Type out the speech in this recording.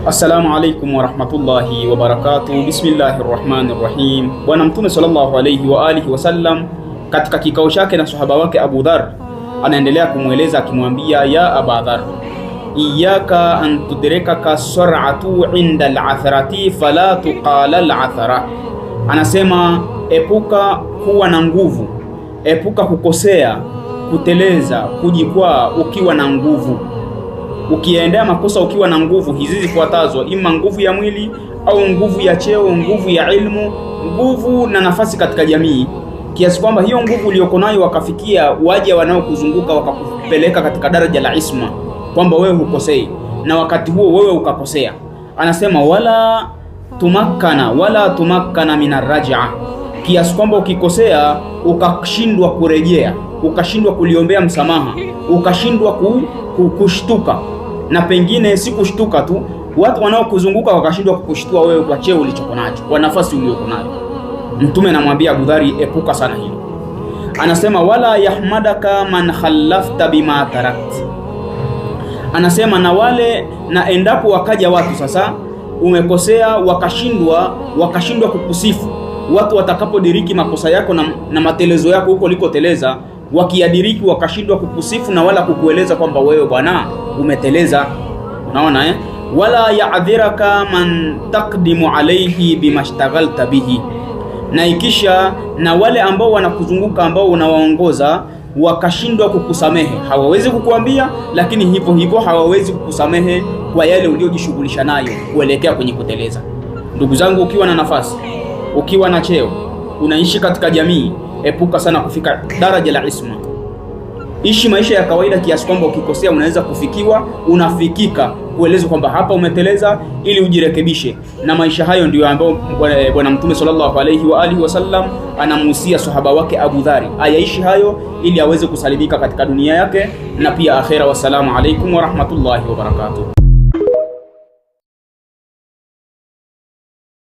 Assalamu alaikum warahmatullahi wabarakatuh. Bismillahir rahmani rahim. Bwana Mtume sallallahu alayhi wa alihi wasallam katika kikao chake na sahaba wake Abu Dhar anaendelea kumweleza akimwambia, ya Aba Dhar, iyaka an tudrekaka sur'atu inda al atharati fala tuqala al athara anasema epuka kuwa na nguvu, epuka kukosea, kuteleza, kujikwaa ukiwa na nguvu ukiendea makosa ukiwa na nguvu hizi zifuatazo: ima nguvu ya mwili au nguvu ya cheo, nguvu ya ilmu, nguvu na nafasi katika jamii, kiasi kwamba hiyo nguvu uliyoko nayo wakafikia waja wanaokuzunguka wakakupeleka katika daraja la isma, kwamba wewe hukosei na wakati huo wewe ukakosea. Anasema wala tumakkana wala tumakkana min arrajaa, kiasi kwamba ukikosea ukashindwa kurejea, ukashindwa kuliombea msamaha, ukashindwa kushtuka na pengine si kushtuka tu, watu wanaokuzunguka wakashindwa kukushtua wewe kwa cheo ulichoko nacho, kwa nafasi uliyoko nayo. Mtume anamwambia Abu Dhari, epuka sana hilo. Anasema wala yahmadaka man khallafta bima tarakt, anasema na wale na endapo wakaja watu sasa umekosea wakashindwa wakashindwa kukusifu watu watakapodiriki makosa yako na, na matelezo yako huko likoteleza wakiadiriki wakashindwa kukusifu na wala kukueleza kwamba wewe bwana umeteleza. Unaona eh? wala yaadhiraka man taqdimu alayhi bimashtagalta bihi, na ikisha na wale ambao wanakuzunguka ambao unawaongoza wakashindwa kukusamehe, hawawezi kukuambia, lakini hivyo hivyo hawawezi kukusamehe kwa yale uliojishughulisha nayo kuelekea kwenye kuteleza. Ndugu zangu, ukiwa na nafasi, ukiwa na cheo, unaishi katika jamii epuka sana kufika daraja la isma. Ishi maisha ya kawaida kiasi kwamba ukikosea unaweza kufikiwa, unafikika, kuelezwa kwamba hapa umeteleza, ili ujirekebishe. Na maisha hayo ndiyo ambayo eh, Bwana Mtume sallallahu alayhi wa alihi wasallam anamuhusia sahaba wake Abu Dhari ayaishi hayo, ili aweze kusalimika katika dunia yake na pia akhera. Wassalamu alaikum warahmatullahi wabarakatuh.